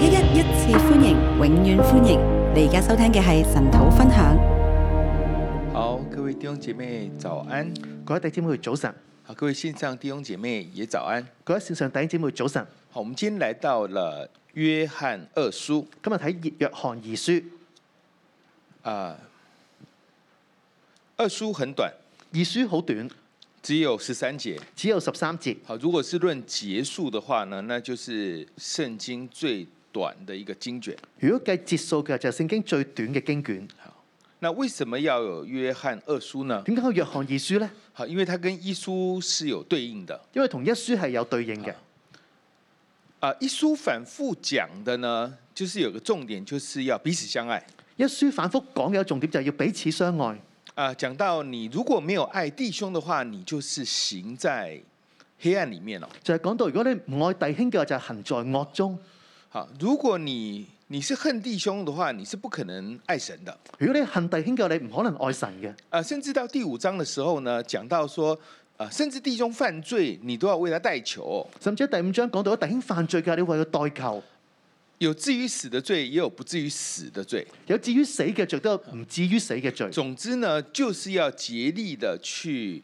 一一一次歡迎，永遠歡迎！你而家收聽嘅係神土分享。好，各位弟兄姐妹早安。各位弟兄姐妹早晨。好，各位線上弟兄姐妹也早安。各位線上弟兄姐妹早晨。好，我們今天來到了約翰二書。今日睇《約約翰二書》啊、uh，二書很短，二書好短，只有十三節，只有十三節。好，如果是論結束的話呢，那就是聖經最短的一個經卷，如果計節數嘅就係聖經最短嘅經卷。好，那為什麼要有約翰二書呢？點解要約翰二書呢？好，因為它跟一書是有對應嘅，因為同一書係有對應嘅。啊，一書反復講的呢，就是有個重點，就是要彼此相愛。一書反復講嘅有重點，就係要彼此相愛。啊，講到你如果沒有愛弟兄嘅話，你就是行在黑暗裏面咯。就係、是、講到如果你唔愛弟兄嘅話，就係行在惡中。如果你你是恨弟兄的話，你是不可能愛神的。如果你恨弟兄嘅，你唔可能愛神嘅。啊，甚至到第五章的時候呢，講到說，啊，甚至弟兄犯罪，你都要為他代求。甚至第五章講到弟兄犯罪嘅，你為佢代求。有至於死的罪，也有不至於死的罪。有至於死嘅罪，都有唔至於死嘅罪，啊。總之呢，就是要竭力的去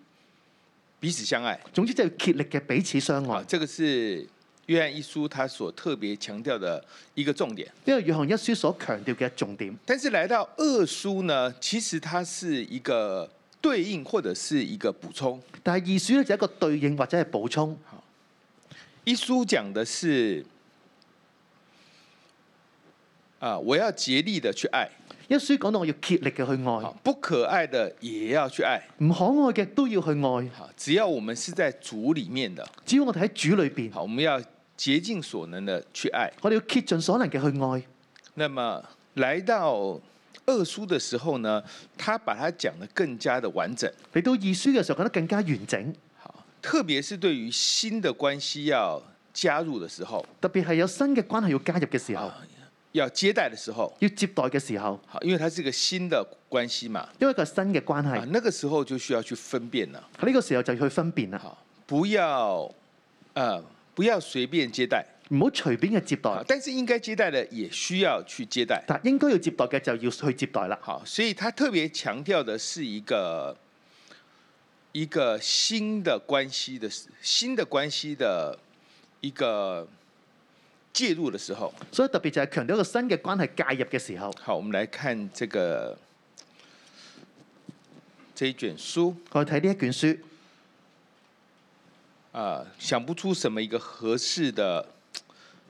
彼此相愛。總之就係竭力嘅彼此相愛。啊，這個是。約翰一書，他所特別強調的一個重點。因為約翰一書所強調嘅重點。但是來到二書呢，其實它是一個對應或者是一個補充。但係二書呢就一個對應或者係補充。一書講的是啊，我要竭力的去愛。一書講到我要竭力嘅去愛，不可愛的也要去愛，唔可愛嘅都要去愛。好，只要我們是在主裏面的，只要我哋喺主裏邊，好，我們要。竭盡所能的去愛，我哋要竭盡所能嘅去愛。那麼來到二書的時候呢，他把他講得更加的完整。嚟到二書嘅時候，講得更加完整。好，特別是對於新嘅關係要加入嘅時候，特別係有新嘅關係要加入嘅時候，啊，要接待嘅時候，要接待嘅時候，好，因為它係個新嘅關係嘛，因為一個新嘅關係，啊，那個時候就需要去分辨啦。呢個時候就要去分辨啦。好，不要，誒、呃。不要隨便接待，唔好隨便嘅接待，但是應該接待的也需要去接待。但係應該要接待嘅就要去接待啦。好，所以他特別強調的是一個一個新的關係的新的關係的一個介入的時候。所以特別就係強調一個新嘅關係介入嘅時候。好，我們來看這個這一卷書。我睇呢一卷書。啊，想不出什麼一個合適的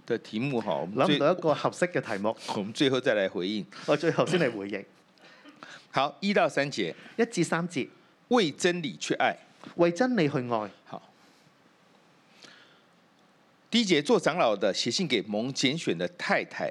的題目，我諗唔到一個合適嘅題目我，我們最後再來回應。我最後先嚟回應。 好，一到三節，一至三節，為真理去愛，為真理去愛。好，第一節做長老的寫信給蒙揀選的太太。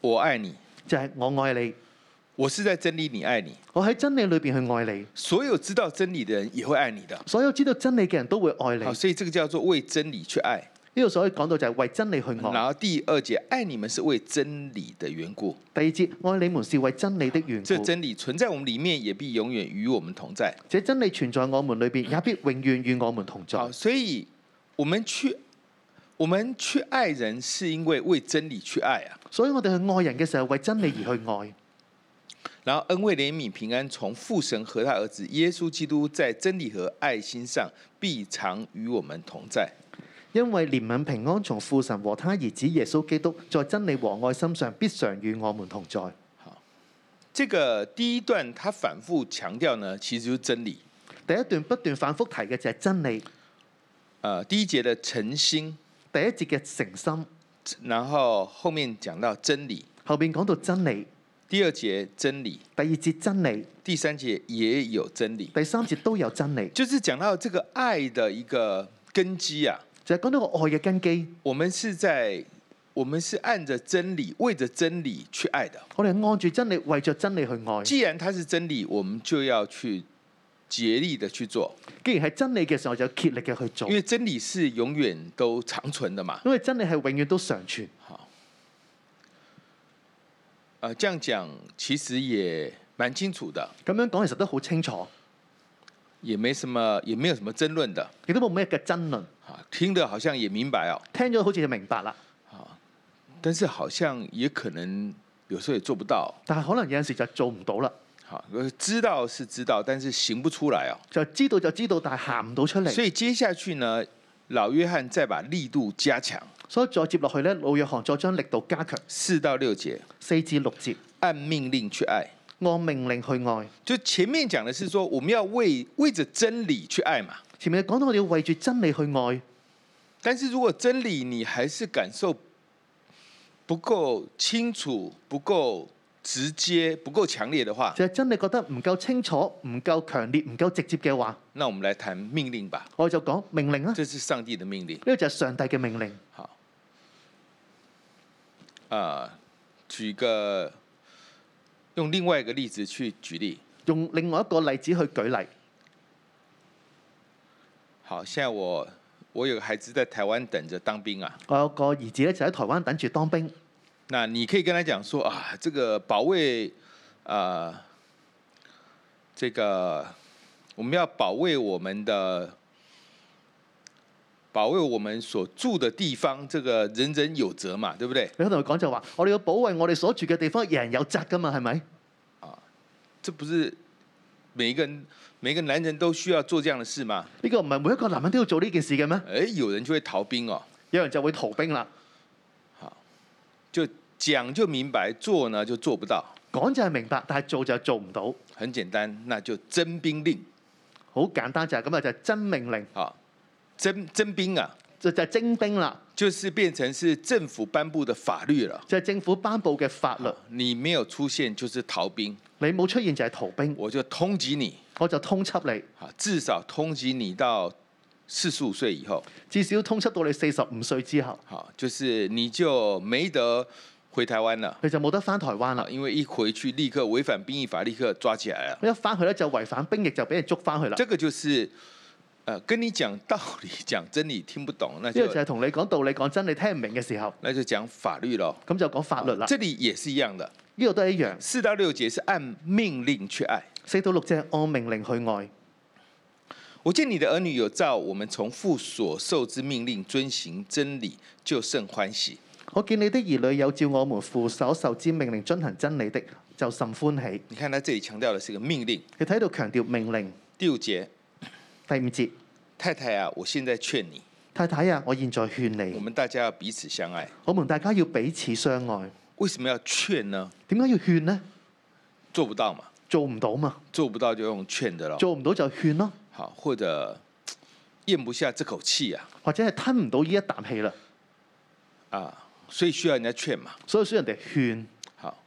我愛你，就係我愛你。我是在真理裏愛你。我喺真理裏邊去愛你。所有知道真理的人也會愛你的。所有知道真理嘅人都會愛你。所以，這個叫做為真理去愛。呢度所以講到就係為真理去愛。然後第二節，愛你們是為真理的緣故。第二節，愛你們是為真理的緣故。這真理存在我們裏面，也必永遠與我們同在。這真理存在我們裏邊，也必永遠與我們同在。所以，我們去。我們去愛人是因為為真理去愛啊，所以我哋去愛人嘅時候為真理而去愛，然後恩惠、憐憫、平安從父神和他兒子耶穌基督在真理和愛心上必常與我們同在。因為憐憫、平安從父神和他兒子耶穌基督在真理和愛心上必常與我們同在。好，這個第一段，他反覆強調呢，其實就是真理。第一段不斷反覆提嘅就係真理，呃。第一節的誠心。第一節嘅誠心，然後後面講到真理，後面講到真理，第二節真理，第二節真理，第三節也有真理，第三節都有真理，就是講到這個愛的一個根基啊，就係、是、講到個愛嘅根基啊。我們是在，我們是按着真理，為着真理去愛的。我哋按住真理，為着真理去愛。既然它是真理，我們就要去。竭力的去做，既然係真理嘅時候，就竭力嘅去做。因為真理是永遠都長存的嘛。因為真理係永遠都長存。好。啊，這樣講其實也蠻清楚的。咁樣講其實都好清楚，也沒什麼，也沒有什麼爭論的。亦都冇咩嘅爭論。啊，聽得好像也明白哦。聽咗好似就明白啦。好，但是好像也可能有時候也做不到。但係可能有陣時就做唔到啦。好，知道是知道，但是行不出來哦。就知道就知道，但行唔到出嚟。所以接下去呢，老約翰再把力度加強。所以再接落去呢，老約翰再將力度加強。四到六節，四至六節，按命令去愛，按命令去愛。就前面講的是說，我們要為為着真理去愛嘛。前面講到，我哋要為着真理去愛。但是如果真理你還是感受不夠清楚，不夠。直接不夠強烈的話，就係真，你覺得唔夠清楚、唔夠強烈、唔夠直接嘅話，那我們來談命令吧。我就講命令啦。這是上帝的命令。呢個就係上帝嘅命令。好，啊、呃，舉個，用另外一個例子去舉例，用另外一個例子去舉例。好，現在我我有個孩子在台灣等着當兵啊。我有個兒子咧，就喺台灣等住當兵。那你可以跟他講說啊，這個保衛，啊、呃，這個我們要保衛我們的，保衛我們所住的地方，這個人人有責嘛，對不對？你剛才講就話，我哋要保衛我哋所住嘅地方，人人有責噶嘛，係咪？啊，這不是每一個人，每一個男人都需要做這樣的事嗎？呢個唔係每一個男人都要做呢件事嘅咩？哎，有人就會逃兵哦。有人就會逃兵啦。就講就明白，做呢就做不到。講就係明白，但係做就做唔到。很簡單，那就徵兵令。好簡單就係咁啊，就係、是就是、徵命令。啊，徵徵兵啊。就就徵兵啦。就是變成是政府頒布嘅法律啦。就係政府頒布嘅法律。你沒有出現就是逃兵。你冇出現就係、是、逃兵。我就通緝你。我就通緝你。啊，至少通緝你到四十五歲以後，至少通緝到你四十五歲之後。好，就是你就沒得回台灣了。佢就冇得翻台灣啦，因為一回去立刻違反兵役法，立刻抓起來啦。一翻去咧就違反兵役，就俾人捉翻去啦。這個就是，呃、跟你講道理講真理聽不懂，那呢、這個就係同你講道理講真理聽唔明嘅時候，那就講法律咯。咁就講法律啦。這裡也是一樣的，呢個都係一樣。四到六節是按命令去愛，四到六節按命令去愛。我見你的兒女有照我們從父所受之命令遵行真理，就甚歡喜。我見你的兒女有照我們父所受之命令遵行真理的，就甚歡喜。你看他這裡強調的是個命令，你睇到強調命令。第五節，第五節，太太啊，我現在勸你。太太啊，我現在勸你。我們大家要彼此相愛。我們大家要彼此相愛。為什麼要勸呢？點解要勸呢？做不到嘛，做唔到嘛，做不到就用勸的咯。做唔到就勸咯。或者咽不下這口氣啊，或者係吞唔到呢一啖氣啦，啊，所以需要人家勸嘛，所以需要人哋勸。好，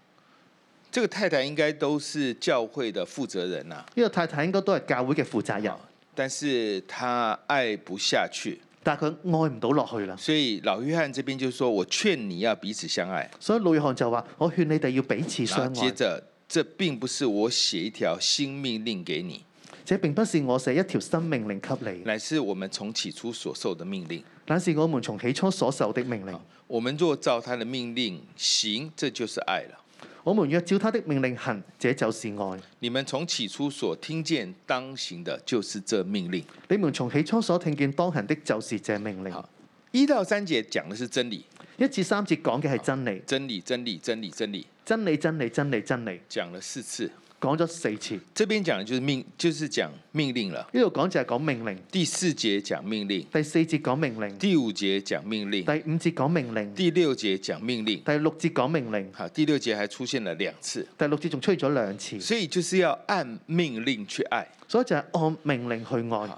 這個太太應該都是教會的負責人啦、啊，呢、這個太太應該都係教會嘅負責人、啊，但是他愛不下去，但係佢愛唔到落去啦，所以老約翰這邊就說我勸你要彼此相愛，所以老約翰就話我勸你哋要彼此相愛，接着，這並不是我寫一條新命令給你。這並不是我寫一條新命令給你，乃是我們從起初所受的命令。乃是我們從起初所受的命令。我們若照他的命令行，這就是愛了。我們若照他的命令行，這就是愛。你們從起初所聽見當行的，就是這命令。你們從起初所聽見當行的，就是這命令。一到三節講的是真理，一至三節講嘅係真理，真理，真理，真理，真理，真理，真理，真理，講了四次。講咗四次，這邊講的就是命，就是講命令了。呢度講就係講命令。第四節講命令。第四節講命令。第五節講命令。第五節講命令。第六節講命令。第六節講命令。好，第六節還出現了兩次。第六節仲出現咗兩次。所以就是要按命令去愛。所以就係按命令去愛。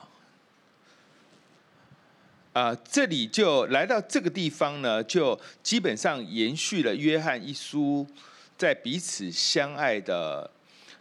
啊，這裏就來到這個地方呢，就基本上延續了約翰一書在彼此相愛的。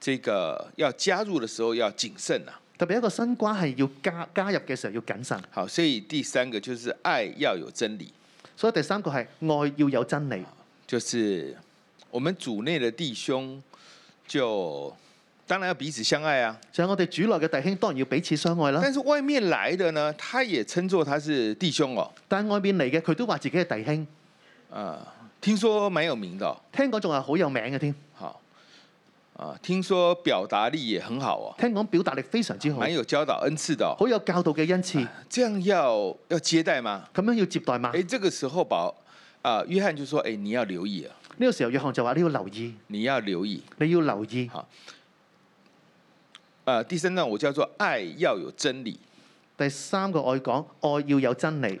這個要加入的時候要謹慎啊。特別一個新關係要加加入嘅時候要謹慎。好，所以第三個就是愛要有真理。所以第三個係愛要有真理，就是我們組內的弟兄就當然要彼此相愛啊。就係我哋組內嘅弟兄當然要彼此相愛啦。但是外面來的呢，他也稱作他是弟兄哦。但外面嚟嘅佢都話自己係弟兄。啊，聽說蠻有名嘅。聽講仲係好有名嘅添。好。聽說表達力也很好啊、哦！聽講表達力非常之好，蠻有教導恩賜的、哦，好有教導嘅恩賜。這樣要要接待嗎？咁樣要接待嗎？誒、欸，這個時候寶啊、呃，約翰就說：誒、欸，你要留意啊！呢、這個時候約翰就話：你要留意，你要留意，你要留意。好。呃、第三段我叫做愛要有真理。第三個我要講愛要有真理。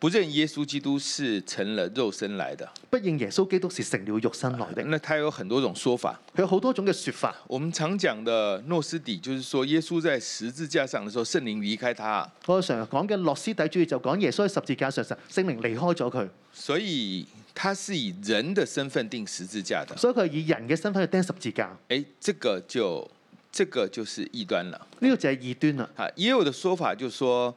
不認耶穌基督是成了肉身來的，不認耶穌基督是成了肉身來的。啊，那他有很多種說法，佢有好多種嘅說法。我們常講的諾斯底，就是說耶穌在十字架上的時候，聖靈離開他。我常講嘅諾斯底主義就講耶穌喺十字架上時，聖靈離開咗佢。所以他是以人的身份釘十字架的，所以佢以人嘅身份去釘十字架的。誒，這個就，這個就是異端了。呢個就係異端啦。啊，也有的說法就是說。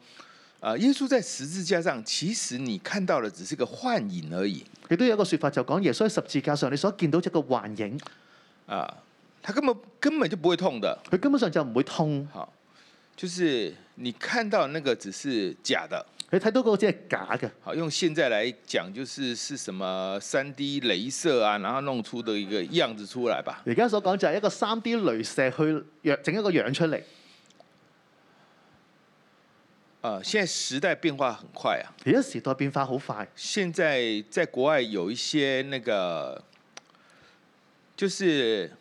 啊！耶穌在十字架上，其實你看到的只是個幻影而已。佢都有一個說法就講耶穌喺十字架上，你所見到一個幻影。啊，他根本根本就不會痛的，佢根本上就唔會痛。好，就是你看到那個只是假的，你睇到嗰只係假嘅。好，用現在嚟講，就是是什麼三 D 鐳射啊，然後弄出的一個樣子出來吧。而家所講就係一個三 D 鐳射去約整一個樣出嚟。啊！現在時代變化很快啊！而家時代變化好快。現在在國外有一些那個，就是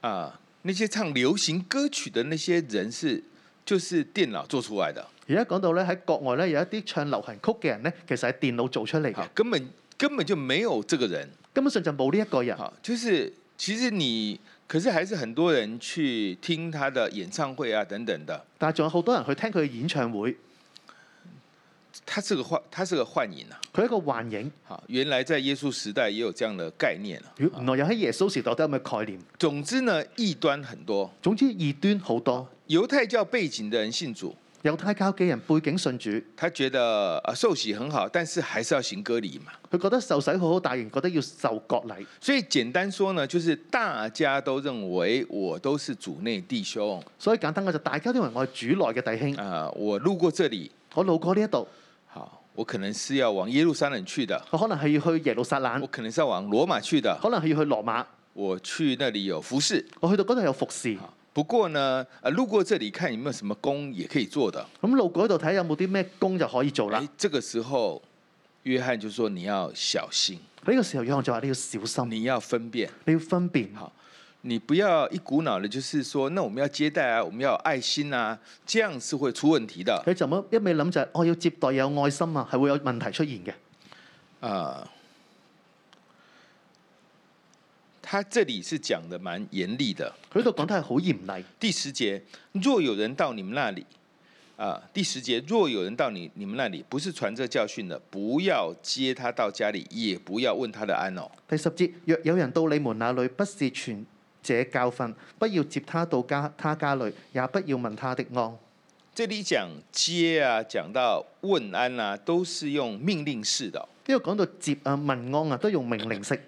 啊，那些唱流行歌曲的那些人士，就是電腦做出來的。而家講到咧喺國外咧，有一啲唱流行曲嘅人咧，其實係電腦做出嚟嘅，根本根本就沒有這個人。根本上就冇呢一個人。啊，就是其實你。可是還是很多人去聽他的演唱會啊，等等的。但係仲有好多人去聽佢嘅演唱會。他是個幻，他是個幻影啊！佢係一個幻影。好，原來在耶穌時代也有這樣的概念啊！原來有喺耶穌時代都有咁嘅概念。總之呢，異端很多。總之異端好多。猶太教背景的人信主。猶太教嘅人背景信主，他覺得受洗很好，但是還是要行割禮嘛？佢覺得受洗好好，但仍覺得要受割禮。所以簡單說呢，就是大家都認為我都是主內弟兄。所以簡單講就大家都認為我係主內嘅弟兄。啊，我路過這裡，我路過呢一度，好，我可能是要往耶路撒冷去的，我可能係要去耶路撒冷，我可能是要往羅馬去的，可能係要去羅馬。我去那裡有服侍，我去到嗰度有服侍。不過呢，呃，路過這裏看有沒有什麼工也可以做的。咁路過嗰度睇有冇啲咩工就可以做啦。誒、哎，這個時候，約翰就說你要小心。呢個時候，約翰就話你要小心，你要分辨，你要分辨。好，你不要一股腦的，就是說，那我們要接待啊，我們要有愛心啊，這樣是會出問題的。你就咁一味諗就，我、哦、要接待有愛心啊，係會有問題出現嘅。啊、呃。他這裏是講得蠻嚴厲的，佢度講得係好嚴厲。第十節，若有人到你們那裏，啊，第十節，若有人到你你們那裏，不是傳這教訓的，不要接他到家裏，也不要問他的安哦。第十節，若有人到你們那裏，不是傳這教訓，不要接他到家他家裏，也不要問他的安。這裏講接啊，講到問安啊，都是用命令式的。因為講到接啊問安啊，都用命令式。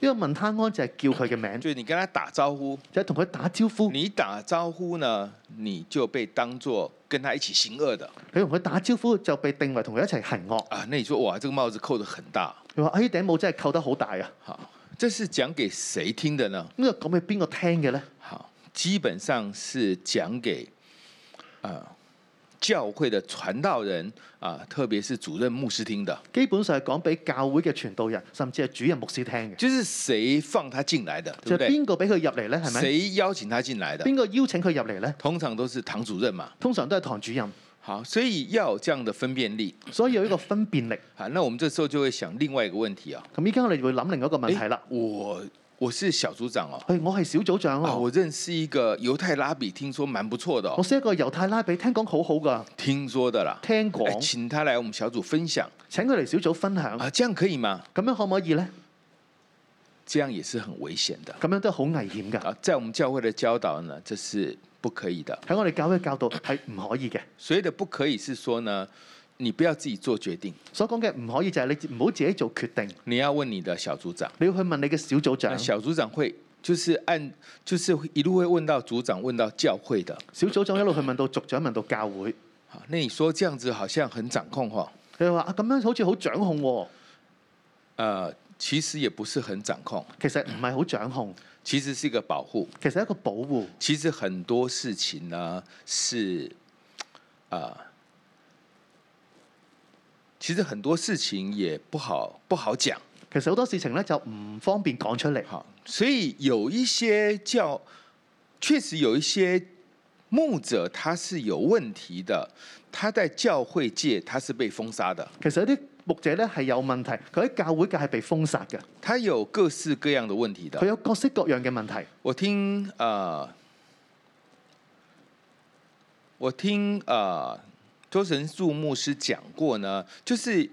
呢、這個問他安就係叫佢嘅名，就係你跟他打招呼，就係同佢打招呼。你打招呼呢，你就被當作跟他一起行惡的。你同佢打招呼就被定為同佢一齊行惡。啊，那你話哇，呢、這個帽子扣得很大。佢話：哎，頂帽真係扣得好大啊！吓？即係講給誰聽嘅呢？呢、這個講俾邊個聽嘅呢？吓？基本上是講給，啊、呃。教會嘅傳道人啊、呃，特別是主任牧師聽的，基本上係講俾教會嘅傳道人，甚至係主任牧師聽嘅。就是誰放他進來的，對不對？邊個俾佢入嚟咧？係咪？誰邀請他進來的？邊個邀請佢入嚟咧？通常都是堂主任嘛。通常都係堂主任。好，所以要有這樣的分辨力， 所以有一個分辨力。好、 啊，那我們這時候就會想另外一個問題啊。咁依家我哋會諗另外一個問題啦。我。我是小組長哦，係、哎、我係小組長哦、啊。我認識一個猶太拉比，聽說蠻不錯的、哦。我識一個猶太拉比，聽講好好噶。聽說的啦，聽講、哎，請他來我們小組分享，請佢嚟小組分享啊？這樣可以嗎？咁樣可唔可以呢？這樣也是很危險的，咁樣都好危險噶、啊。在我們教會的教導呢，這是不可以的。喺我哋教會教導係唔可以嘅， 所以的不可以是說呢。你不要自己做決定。所講嘅唔可以就係你唔好自己做決定。你要問你的小組長。你要去問你嘅小組長。小組長會，就是按，就是一路會問到組長，問到教會的。小組長一路去問到組長，問到教會。好，那你說這樣子好像很掌控，哈？你話啊咁樣好似好掌控。誒、呃，其實也不是很掌控。其實唔係好掌控。其實是一個保護。其實一個保護。其實很多事情呢，是，啊、呃。其實很多事情也不好不好講，其實好多事情呢，就唔方便講出嚟。好，所以有一些教，確實有一些牧者他是有問題的，他在教會界他是被封殺的。其實有啲牧者呢，係有問題，佢喺教會界係被封殺嘅。他有各式各樣的問題的，佢有各式各樣嘅問題。我聽、呃、我聽啊。呃周神助牧師講過呢，就是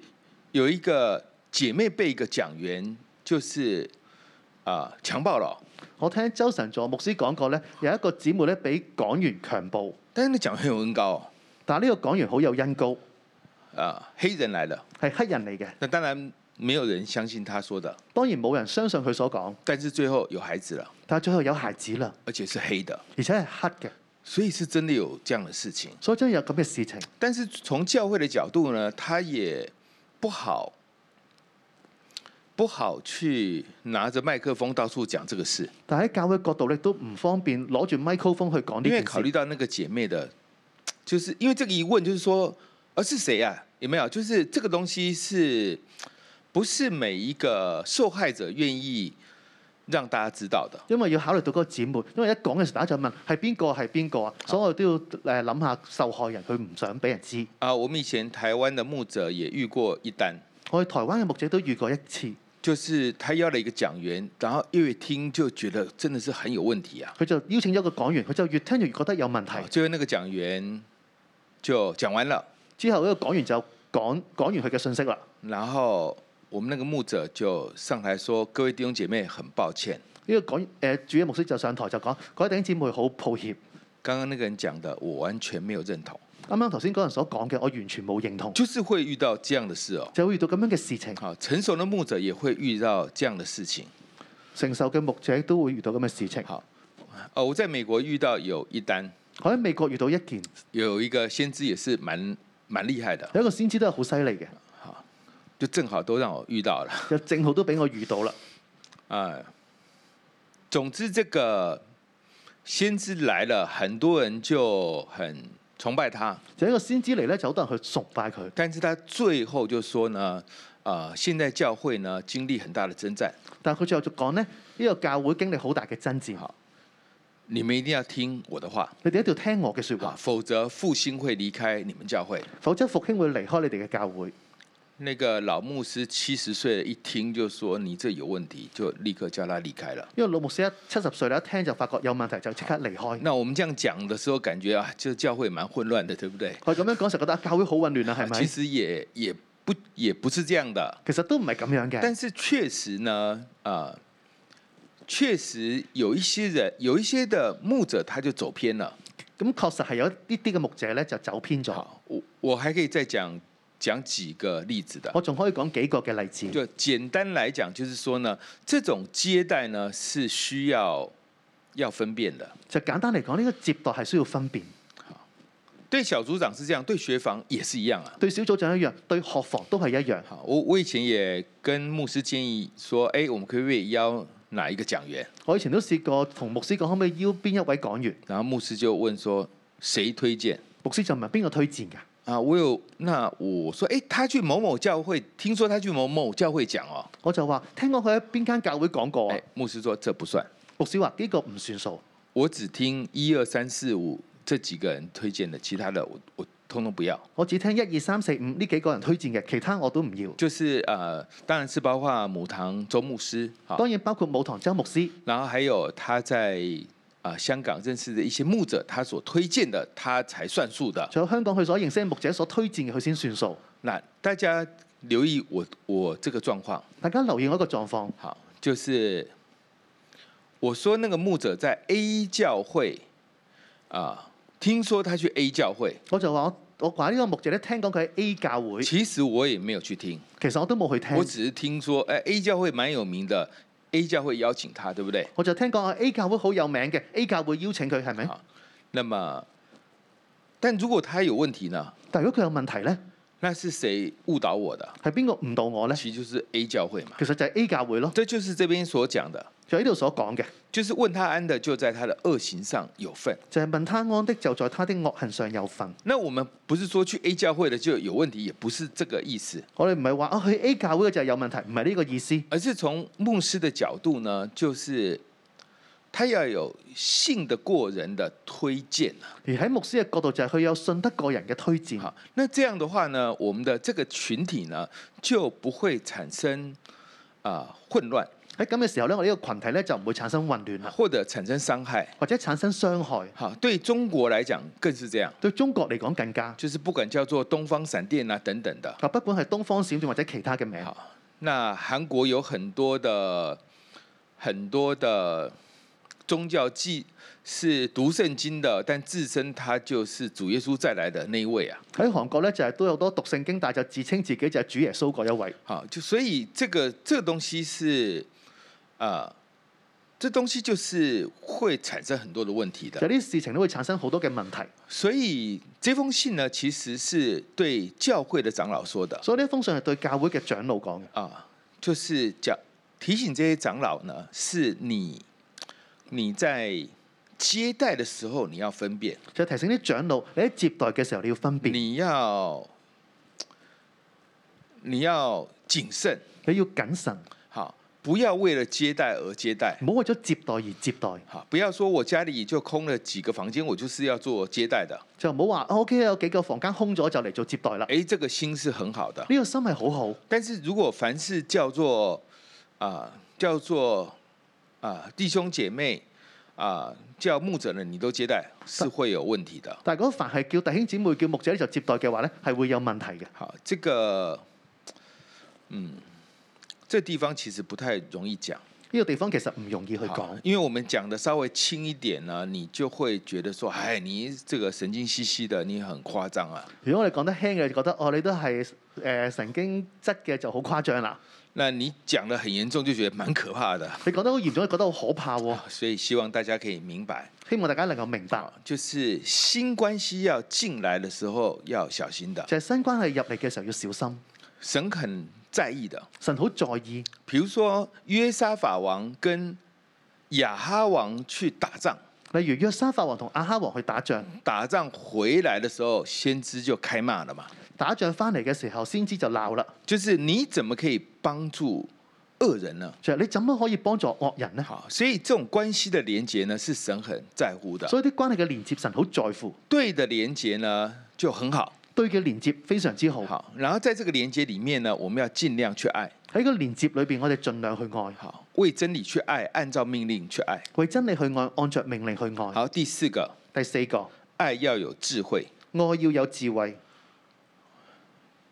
有一個姐妹被一個講員就是啊強暴咯。我聽周神助牧師講過咧，有一個姐妹咧被講員強暴。但係你仲係有恩膏。但係呢個講員好有恩膏。啊、呃，黑人嚟的。係黑人嚟嘅。但當然冇人相信他說的。當然冇人相信佢所講。但是最後有孩子了。但係最後有孩子了。而且是黑的。而且係黑嘅。所以是真的有這樣的事情，所以真有咁嘅事情。但是從教會的角度呢，他也不好，不好去拿着麥克風到處講這個事。但喺教會角度呢，都唔方便攞住麥克風去講呢件事。因為考慮到那個姐妹的，就是因為這個疑問，就是說、啊，而是誰啊？有沒有？就是這個東西是不是每一個受害者願意？讓大家知道的，因為要考慮到嗰個姊妹，因為一講嘅時，大家就問係邊個？係邊個啊？所以我都要誒諗下受害的人，佢唔想俾人知。啊，我們以前台灣的牧者也遇過一單，我哋台灣嘅牧者都遇過一次，就是他邀了一個講員，然後越聽就覺得真的是很有問題啊。佢就邀請咗個講員，佢就越聽就越、越覺得有問題。最後那個講員就講完了，之後嗰個講員就講講完佢嘅信息啦，然後。我們那個牧者就上台說：各位弟兄姐妹，很抱歉。呢個講誒，主的牧師就上台就講：各位弟兄姊妹，好抱歉。剛剛那個人講的，我完全沒有認同。啱啱頭先嗰人所講嘅，我完全冇認同。就是會遇到這樣的事哦。就會遇到咁樣嘅事情。好，成熟的牧者也會遇到這樣的事情。成熟嘅牧者都會遇到咁嘅事情。好，哦，我在美國遇到有一單，我喺美國遇到一件，有一個先知也是蠻蠻厲害的。有一個先知都係好犀利嘅。就正好都讓我遇到了，就正好都俾我遇到啦。啊，總之這個先知來了，很多人就很崇拜他。就這個先知嚟咧，就好多人去崇拜佢。但是他最後就說呢，呃，現在教會呢經歷很大的爭戰。但係佢最後繼續講咧，呢、這個教會經歷好大嘅爭戰。你們一定要聽我的話。你哋一定要聽我嘅說話，啊、否則復興會離開你們教會。否則復興會離開你哋嘅教會。那個老牧師七十歲，一聽就說你這有問題，就立刻叫他離開了。因為老牧師一七十歲，一聽就發覺有問題，就即刻離開。那我們這樣講的時候，感覺啊，就教會蠻混亂的，對不對？佢咁樣講，實覺得教會好混亂啦，係咪？其實也也不也不是這樣的。其實都唔係咁樣嘅，但是確實呢，啊、呃，確實有一些人，有一些的牧者，他就走偏了。咁確實係有一啲啲嘅牧者呢，就走偏咗。我我還可以再講。講幾個例子的，我仲可以講幾個嘅例子。就簡單來講，就是說呢，這種接待呢，是需要要分辨的。就簡單嚟講，呢個接待係需要分辨。對小組長是這樣，對學房也是一樣啊。對小組長一樣，對學房都係一樣。我我以前也跟牧師建議說，誒，我們可不可以邀哪一個講員？我以前都試過同牧師講可唔可以邀邊一位講員，然後牧師就問說，誰推薦？牧師就問邊個推薦噶？啊，我有，那我說，誒，他去某某教會，聽說他去某某教會講哦，我就話，聽過佢喺邊間教會講過，啊哎，牧師說，這不算，牧師話呢個唔算數。我只聽一二三四五這幾個人推薦的，其他的我我通通不要。我只聽一二三四五呢幾個人推薦嘅，其他我都唔要。就是，誒、呃，當然是包括母堂周牧師，當然包括母堂周牧師，然後還有他在。啊！香港認識的一些牧者，他所推薦的，他才算數的。在香港，佢所認識的牧者所推薦嘅，佢先算數。嗱，大家留意我我這個狀況。大家留意我個狀況。好，就是我說那個牧者在 A 教會啊、呃，聽說他去 A 教會。我就話我我話呢個牧者咧，聽講佢喺 A 教會。其實我也沒有去聽。其實我都冇去聽，我只是聽說，誒、呃，A 教會蠻有名的。A 教會邀請他，對不對？我就聽講啊，A 教會好有名嘅，A 教會邀請佢係咪？啊，那麼，但如果他有問題呢？但如果佢有問題呢？那是誰誤導我的？係邊個誤導我呢？其實就是 A 教會嘛。其實就係 A 教會咯。這就，就是這邊所講的。就呢度所講嘅，就是問他安的就在他的惡行上有份。就係問他安的就在他的惡行上有份。那我們不是說去 A 教會的就有問題，也不是這個意思。我哋唔係話啊去 A 教會嘅就係有問題，唔係呢個意思。而是從牧師的角度呢，就是他要有信得過人的推薦啊。而喺牧師嘅角度就係佢有信得過人嘅推薦。好，那這樣的話呢，我們的這個群體呢，就不會產生啊混亂。喺咁嘅時候咧，我、這、呢個群體咧就唔會產生混亂啦。或者產生傷害，或者產生傷害。好，對中國嚟講更是這樣。對中國嚟講更加。就是不管叫做東方閃電啊等等的。啊，不管係東方閃電或者其他嘅名。好，那韓國有很多的很多的宗教，既是讀聖經的，但自身他就是主耶穌再來的那一位啊。喺韓國就係都有很多讀聖經大，但就自稱自己就係主耶穌嗰一位。好，就所以這個這個東西是。啊，這東西就是會產生很多的問題的。就呢啲事情都會產生好多嘅問題。所以呢封信呢，其實是對教會的長老說的。所以呢封信係對教會嘅長老講嘅。啊，就是講提醒這些長老呢，是你你在接待的時候你要分辨。就提醒啲長老，你喺接待嘅時候你要分辨。你要你要謹慎，你要謹慎。不要為了接待而接待，唔好為咗接待而接待。哈！不要說我家裏就空了幾個房間，我就是要做接待的。就唔好話，OK，有幾個房間空咗就嚟做接待啦。誒、欸，這個心是很好的，呢、這個心係好好。但是如果凡是叫做啊、呃，叫做啊、呃，弟兄姐妹啊、呃，叫牧者呢，你都接待，是會有問題的。但係如果凡係叫弟兄姊妹、叫牧者呢，就接待嘅話呢，係會有問題嘅。哈，這個，嗯。這個、地方其實不太容易講。呢、這個地方其實唔容易去講、啊，因為我們講的稍微輕一點呢，你就會覺得說，唉、哎，你這個神經兮兮的，你很誇張啊。如果我哋講得輕嘅，你就覺得哦，你都係誒、呃、神經質嘅，就好誇張啦。那你講得很嚴重，就覺得蠻可怕的。你講得好嚴重，就覺得好可怕喎、哦啊。所以希望大家可以明白。希望大家能夠明白，啊、就是新關係要進來的時候要小心的。就係、是、新關係入嚟嘅時候要小心。誠懇。在意的，神好在意。譬如說約沙法王跟亞哈王去打仗，例如約沙法王同亞哈王去打仗，打仗回來的時候，先知就開罵了嘛。打仗翻嚟嘅時候，先知就鬧了。就是你怎麼可以幫助惡人呢？就你怎麼可以幫助惡人呢？所以這種關係的連接呢，是神很在乎的。所以啲關係嘅連接，神好在乎。對的連接呢，就很好。對嘅連接非常之好。好，然後在這個連接裡面呢，我們要盡量去愛。喺個連接裡邊，我哋盡量去愛，哈，為真理去愛，按照命令去愛，為真理去愛，按着命令去愛。好，第四個，第四個，愛要有智慧，愛要有智慧。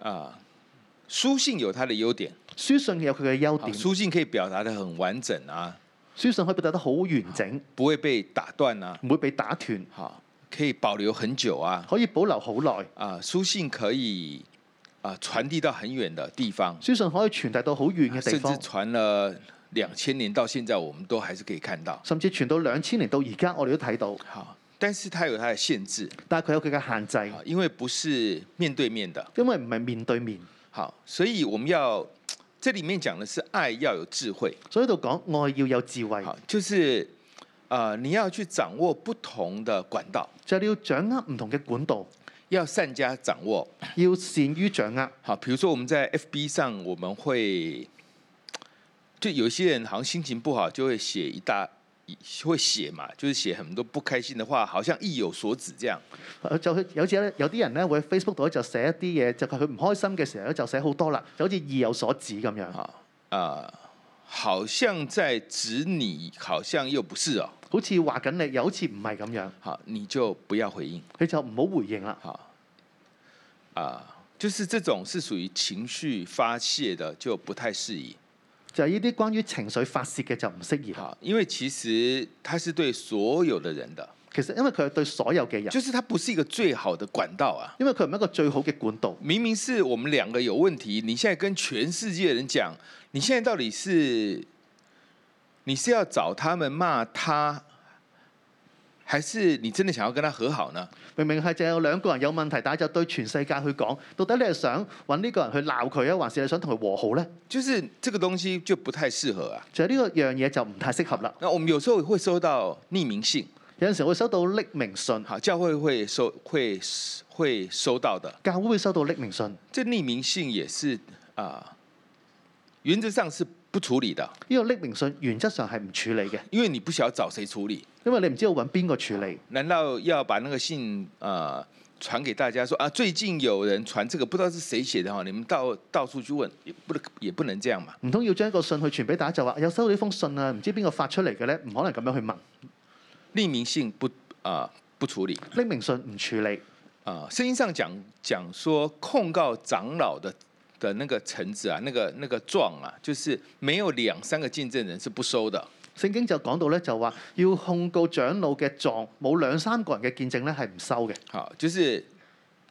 啊，書信有它的優點，書信有佢嘅優點，書信可以表達得很完整啊，書信可以表達得好完整，啊，不會被打斷啊，唔會被打斷，吓、啊，可以保留很久啊，可以保留好耐啊，書信可以傳遞，啊、到很遠的地方，書信可以傳遞到好遠的地方，啊、甚至傳了兩千年到現在，我們都還是可以看到，嗯、甚至傳到兩千年到而家，我哋都睇到，好、啊。但是它有它的限制，但佢有佢嘅限制，因為不是面對面的，因為唔係面對面。好，所以我們要，這裡面講的是愛要有智慧，所以就講愛要有智慧，好，就是、呃，你要去掌握不同的管道，即係你要掌握唔同嘅管道，要善加掌握，要善於掌握。好，比如說我們在 FB 上，我們會，就有些人好像心情不好就會寫一大。會寫嘛，就是寫很多不開心的話，好像意有所指這樣。就有有啲人呢，會喺 Facebook 度就寫一啲嘢，就係佢唔開心嘅時候咧就寫好多啦，就好似意有所指咁樣。啊、呃，好像在指你，好像又不是哦，好似話緊你，又好似唔係咁樣。好，你就不要回應，佢就唔好回應啦。好，啊、呃，就是這種是屬於情緒發洩的，就不太適宜。就呢啲關於情緒發泄嘅就唔適宜。嚇，因為其實他是對所有的人的，其實因為佢係對所有嘅人，就是佢不是一個最好的管道啊。因為佢唔係一個最好嘅管道。明明是我們兩個有問題，你現在跟全世界人講，你現在到底是你是要找他們罵他？還是你真的想要跟他和好呢？明明係淨有兩個人有問題，但係就對全世界去講，到底你係想揾呢個人去鬧佢啊，還是係想同佢和好呢？就是這個東西就不太適合啊。就係呢個樣嘢就唔太適合啦。那我們有時候會收到匿名信，有陣時候會收到匿名信。好，教會會收會會收到的。教會會收到匿名信？即係匿名信也是啊、呃，原則上是。不處理的因為匿名信，原則上係唔處理嘅，因為你不曉得找誰處理，因為你唔知道揾邊個處理。難道要把那個信啊、呃、傳給大家說啊？最近有人傳這個，不知道是誰寫的哈？你們到到處去問，也不也不能這樣嘛？唔通要將一個信去傳俾大家就話有收到呢封信啊？唔知邊個發出嚟嘅咧？唔可能咁樣去問匿名信不啊、呃、不處理匿名信唔處理啊？呃、聲音上講講說控告長老的。的那個橙子啊，那個那個狀啊，就是沒有兩三個見證人是不收的。聖經就講到咧，就話要控告長老嘅狀，冇兩三個人嘅見證咧，係唔收嘅。嚇，就是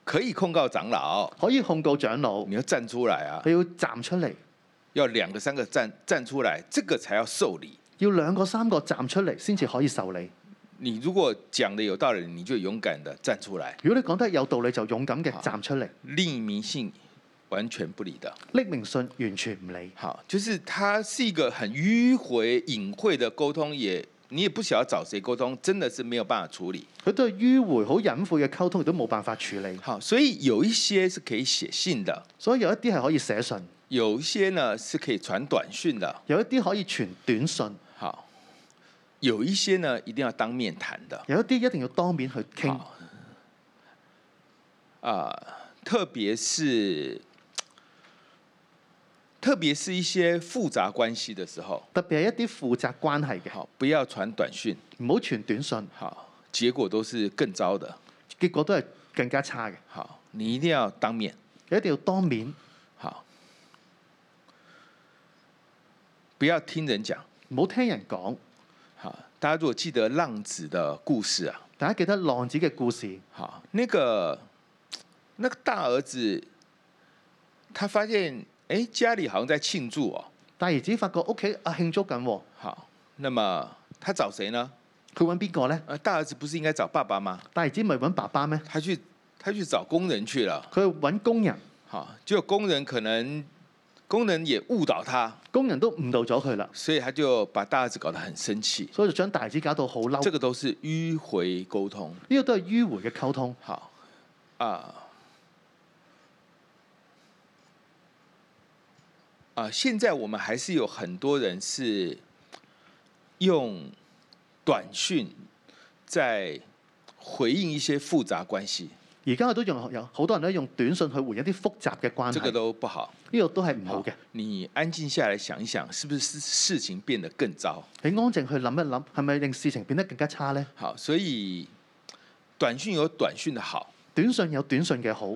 可以控告長老，可以控告長老，你要站出來啊！佢要站出嚟，要兩個三個站站出來，這個才要受理。要兩個三個站出嚟先至可以受理。你如果講得有道理，你就勇敢的站出來。如果你講得有道理，就勇敢嘅站出嚟。匿名性完全不理的，匿名信完全唔理。好，就是他是一個很迂回隱晦的溝通也，也你也不曉得找誰溝通，真的是沒有辦法處理。佢對迂回好隱晦嘅溝通，都冇辦法處理。好，所以有一些是可以寫信的，所以有一啲係可以寫信，有一些呢是可以傳短訊的，有一啲可以傳短訊。好，有一些呢一定要當面談的，有一啲一定要當面去傾。啊、呃，特別是。特別是一些複雜關係的時候，特別係一啲複雜關係嘅，好，不要傳短訊，唔好傳短信，好，結果都是更糟的，結果都係更加差嘅，好，你一定要當面，一定要當面，好，不要聽人講，唔好聽人講，好，大家如果記得浪子的故事啊，大家記得浪子嘅故事，好，那個，那個大兒子，他發現。誒、哎，家裏好像在慶祝哦。大兒子發覺屋企阿慶祝緊，哦。好，那麼他找誰呢？佢揾邊個呢？誒，大兒子不是應該找爸爸嗎？大兒子咪揾爸爸咩？他去，他去找工人去了。佢揾工人。好，就工人可能，工人也誤導他。工人都誤導咗佢啦。所以他就把大兒子搞得很生氣。所以就將大兒子搞到好嬲。這個都是迂回溝通。呢個都係迂回嘅溝通。好，啊、呃。啊！現在我們還是有很多人是用短訊在回應一些複雜關係。而家我都用有，好多人都用短訊去回應一啲複雜嘅關係。這個都不好，呢個都係唔好嘅。你安靜下來想一想，是不是事情變得更糟？你安靜去諗一諗，係咪令事情變得更加差咧？好，所以短訊有短訊嘅好，短訊有短訊嘅好。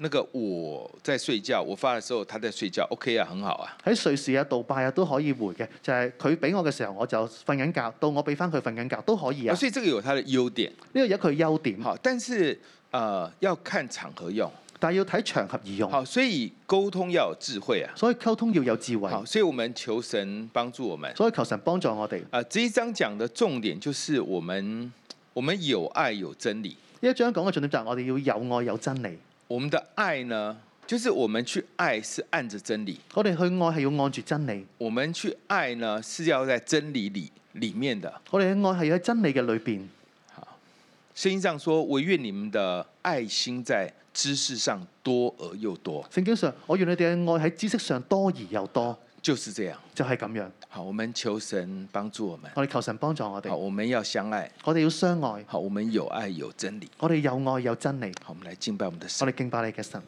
那個我在睡覺，我發的時候他在睡覺，OK 啊，很好啊。喺瑞士啊、杜拜啊都可以回嘅，就係佢俾我嘅時候我就瞓緊覺，到我俾翻佢瞓緊覺都可以啊，啊。所以這個有它的優點，呢、呢個有佢優點好，但、呃。但是要看場合用，但要睇場合而用。所以溝通要有智慧啊。所以溝通要有智慧。好，所以我們求神幫助我們，所以求神幫助我哋。啊，這一章講的重點就是我們我們有愛有真理。呢一章講嘅重點就係我哋要有愛有真理。我們的愛呢，就是我們去愛是按着真理。我哋去愛係要按住真理。我們去愛呢，是要在真理裏裏面的。我哋嘅愛係要喺真理嘅裏邊。好，聖經上說：我願你們的愛心在知識上多而又多。聖經上，我願你哋嘅愛喺知識上多而又多。就是這樣，就係咁樣。好，我們求神幫助我們。我哋求神幫助我哋。好，我們要相愛。我哋要相愛。好，我們有愛有真理。我哋有愛有真理。好，我們嚟敬拜我們的神。我哋敬拜你嘅神。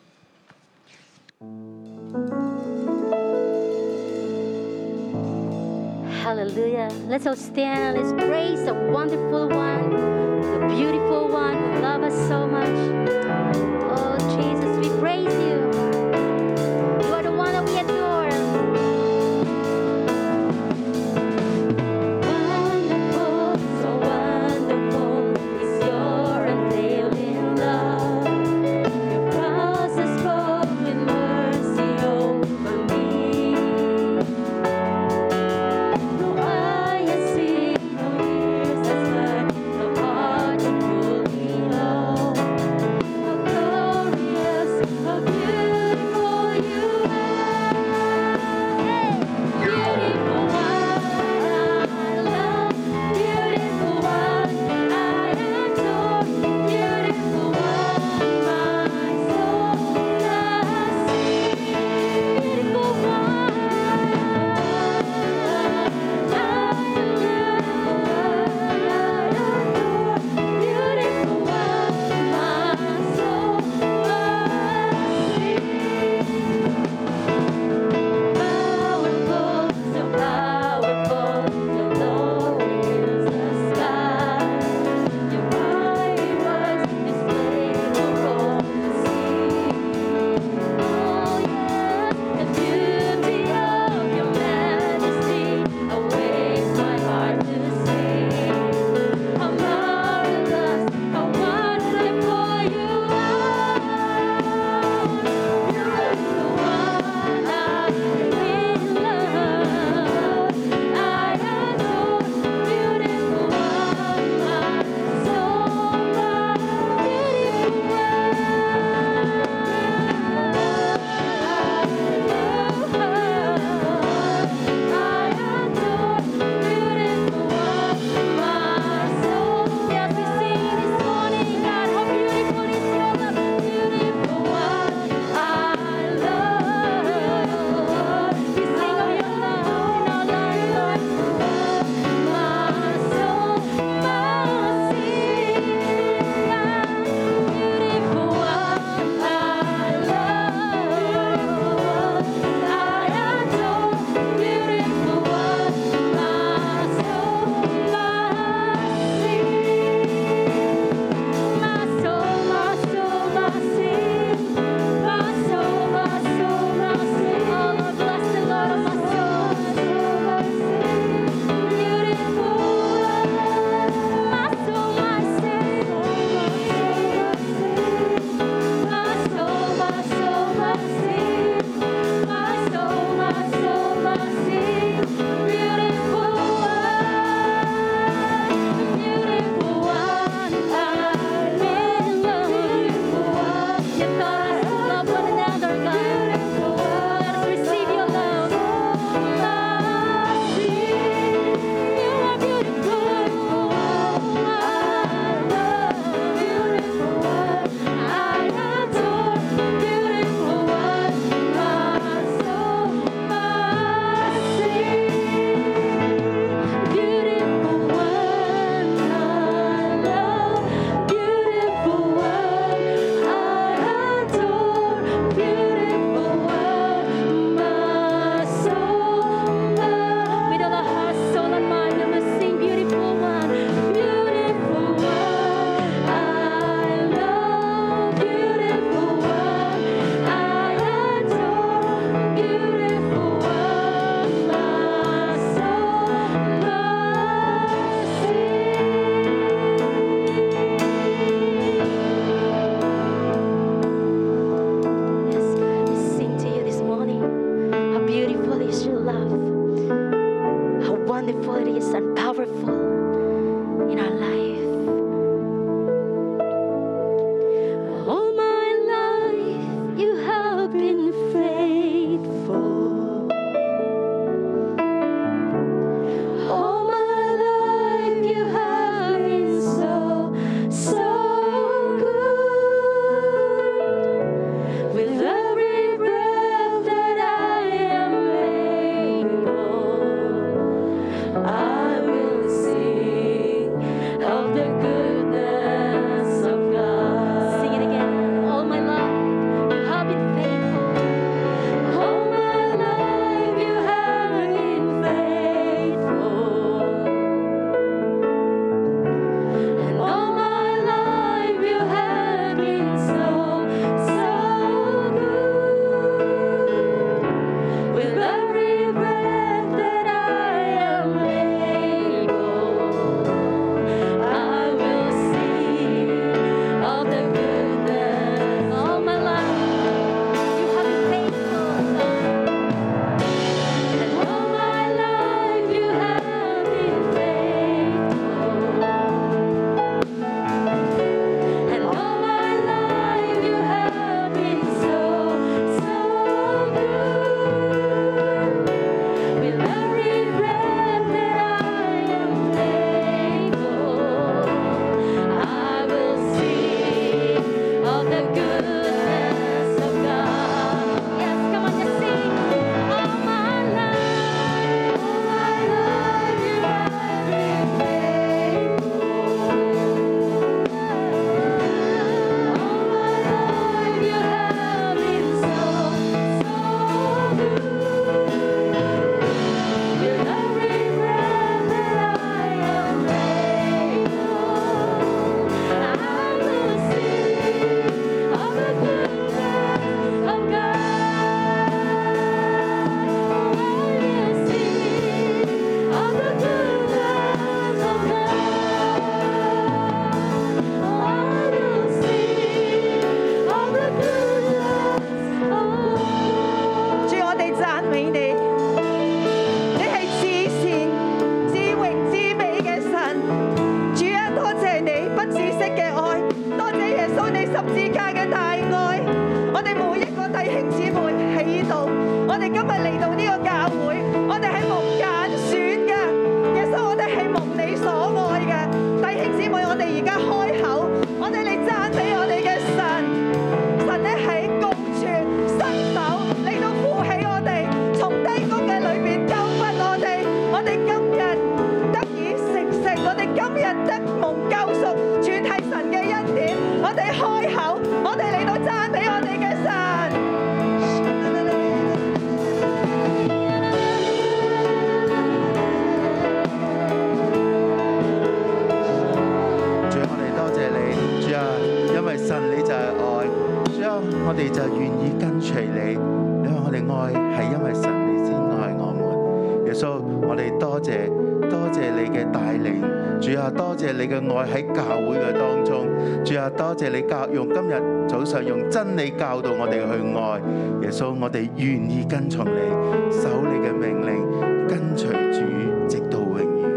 真理教導我哋去愛耶穌，我哋願意跟從你，守你嘅命令，跟隨主直到永遠。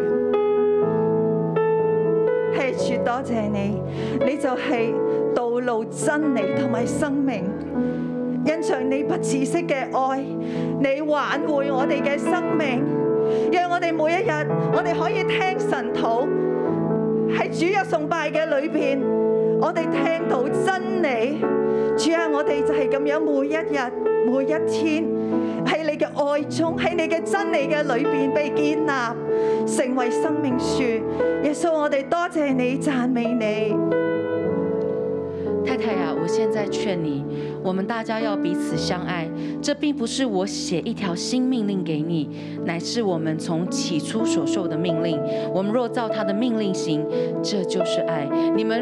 謝主，多謝你，你就係道路真理同埋生命，欣賞你不自私嘅愛，你挽回我哋嘅生命，讓我哋每一日，我哋可以聽神道，喺主日崇拜嘅裏邊，我哋聽到真。每一日、每一天，喺你嘅愛中，喺你嘅真理嘅裏邊被建立，成為生命樹。耶穌，我哋多謝，謝你，讚美你。太太呀、啊，我現在勸你，我們大家要彼此相愛。這並不是我寫一條新命令給你，乃是我們從起初所受的命令。我們若照他的命令行，這就是愛。你們，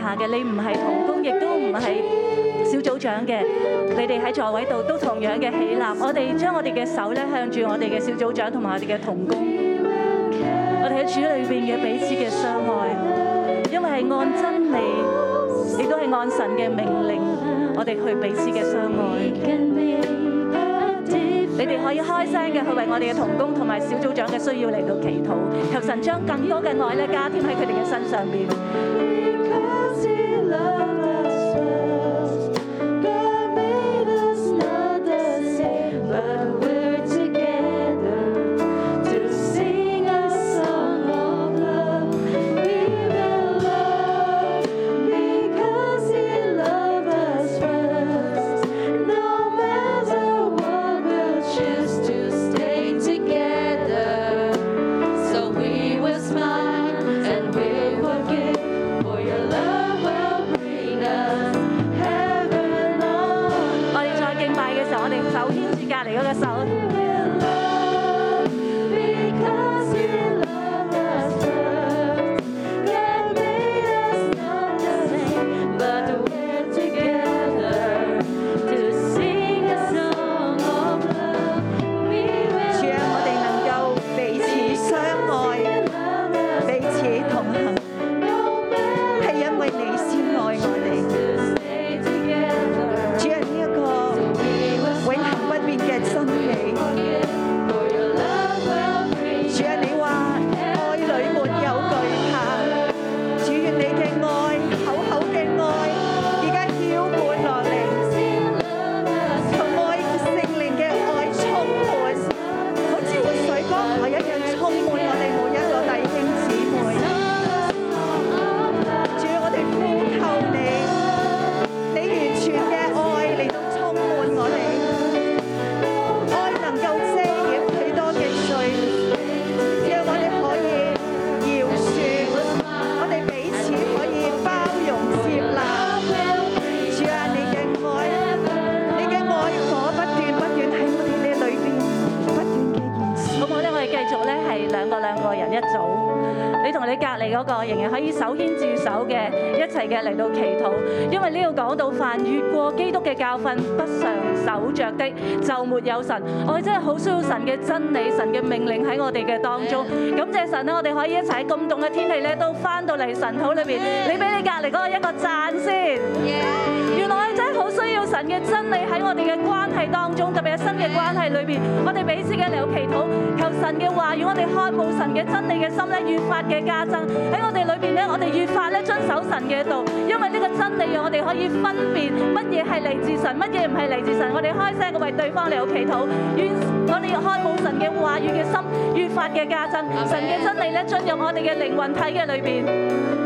下嘅，你唔係童工，亦都唔係小組長嘅，你哋喺座位度都同樣嘅起立。我哋將我哋嘅手咧向住我哋嘅小組長同埋我哋嘅童工，我哋喺主裏邊嘅彼此嘅相愛，因為係按真理，亦都係按神嘅命令，我哋去彼此嘅相愛。你哋可以開聲嘅去為我哋嘅童工同埋小組長嘅需要嚟到祈禱，求神將更多嘅愛咧加添喺佢哋嘅身上邊。嚟到祈禱，因為呢度講到凡越過基督嘅教訓，不常守着的，就沒有神。我哋真係好需要神嘅真理、神嘅命令喺我哋嘅當中。感謝神咧，我哋可以一齊喺咁凍嘅天氣咧都翻到嚟神土裏邊。你俾你隔離嗰個一個讚先。原來我哋真係好需要神嘅真理喺我哋嘅關係當中。關係裏邊，我哋彼此嘅，嚟有祈禱，求神嘅話語，我哋開悟神嘅真理嘅心咧，越發嘅加增喺我哋裏邊咧，我哋越發咧遵守神嘅道，因為呢個真理讓我哋可以分辨乜嘢係嚟自神，乜嘢唔係嚟自神。我哋開聲嘅為對方嚟有祈禱，我哋開悟神嘅話語嘅心越發嘅加增，神嘅真理咧進入我哋嘅靈魂體嘅裏邊。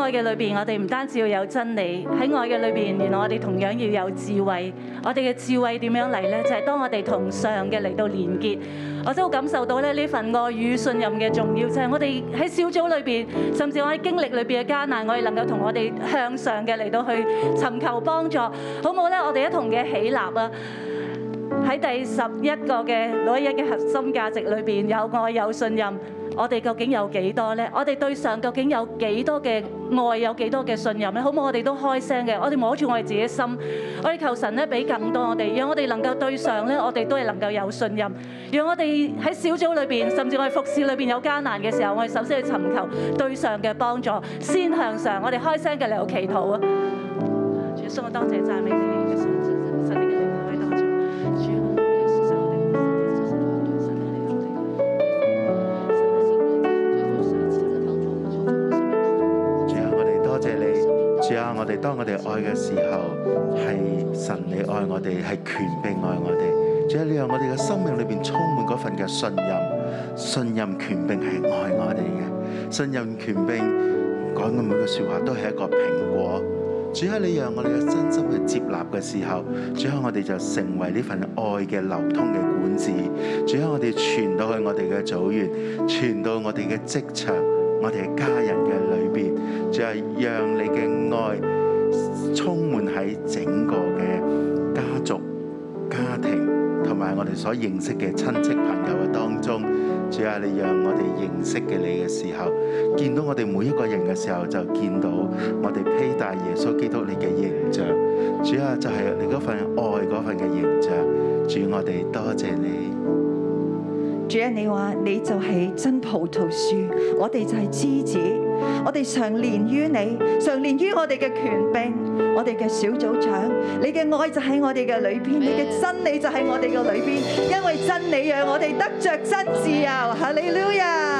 在愛嘅裏邊，我哋唔單止要有真理，喺愛嘅裏邊，原來我哋同樣要有智慧。我哋嘅智慧點樣嚟呢？就係、是、當我哋同上嘅嚟到連結，我真係會感受到咧呢份愛與信任嘅重要。就係、是、我哋喺小組裏邊，甚至我喺經歷裏邊嘅艱難，我哋能夠同我哋向上嘅嚟到去尋求幫助，好唔好呢？我哋一同嘅起立啊！喺第十一個嘅女人嘅核心價值裏邊，有愛有信任。我哋究竟有幾多呢？我哋對上究竟有幾多嘅愛，有幾多嘅信任咧？好冇？我哋都開聲嘅。我哋摸住我哋自己的心，我哋求神咧俾更多我哋，讓我哋能夠對上呢，我哋都係能夠有信任。讓我哋喺小組裏邊，甚至我哋服侍裏邊有艱難嘅時候，我哋首先去尋求對上嘅幫助，先向上。我哋開聲嘅你有祈禱啊！主，我多謝讚美主啊，我哋當我哋愛嘅時候，係神你愛我哋，係權柄愛我哋。主啊，你讓我哋嘅生命裏邊充滿嗰份嘅信任，信任權柄係愛我哋嘅，信任權柄講嘅每句說話都係一個蘋果。主啊，你讓我哋嘅真心去接納嘅時候，主啊，我哋就成為呢份愛嘅流通嘅管子。主啊，我哋傳到去我哋嘅組員，傳到我哋嘅職場。我哋嘅家人嘅裏邊，仲係讓你嘅愛充滿喺整個嘅家族、家庭同埋我哋所認識嘅親戚朋友嘅當中。主啊，你讓我哋認識嘅你嘅時候，見到我哋每一個人嘅時候，就見到我哋披戴耶穌基督你嘅形象。主要就係你份愛份嘅形象。主，我哋多謝你。主啊，你話你就係真葡萄樹，我哋就係枝子，我哋常連於你，常連於我哋嘅權柄，我哋嘅小組長，你嘅愛就喺我哋嘅裏邊，你嘅真理就喺我哋嘅裏邊，因為真理讓我哋得着真自由，哈利路亞。